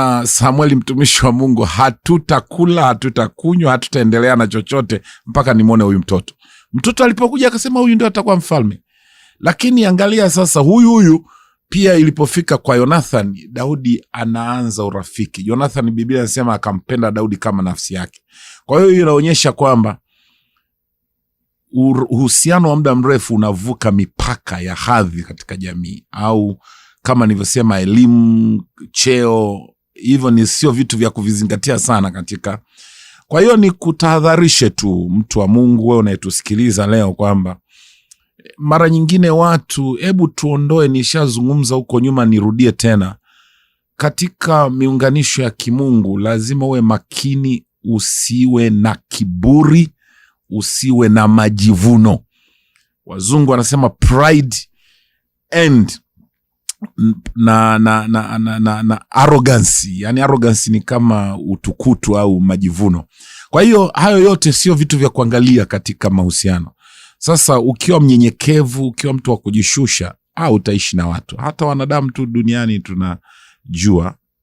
Uh, Samueli mtumishi wa Mungu, hatutakula hatutakunywa, hatutaendelea na chochote mpaka nimwone huyu mtoto. Mtoto alipokuja akasema huyu ndio atakuwa mfalme. Lakini angalia sasa, huyu huyu pia ilipofika kwa yonathan Daudi anaanza urafiki. Yonathan, Biblia inasema akampenda Daudi kama nafsi yake. Kwa hiyo hiyo inaonyesha kwamba uhusiano wa muda mrefu unavuka mipaka ya hadhi katika jamii, au kama nilivyosema, elimu, cheo hivyo ni sio vitu vya kuvizingatia sana katika. Kwa hiyo ni kutahadharishe tu mtu wa Mungu, wewe unayetusikiliza leo kwamba mara nyingine watu, hebu tuondoe, nishazungumza huko nyuma, nirudie tena, katika miunganisho ya kimungu lazima uwe makini, usiwe na kiburi, usiwe na majivuno. Wazungu wanasema pride and na, na, na, na, na, na arrogance. Yani arrogance ni kama utukutu au majivuno. Kwa hiyo hayo yote sio vitu vya kuangalia katika mahusiano. Sasa ukiwa mnyenyekevu, ukiwa mtu wa kujishusha, au ah, utaishi na watu hata wanadamu tu duniani tunajua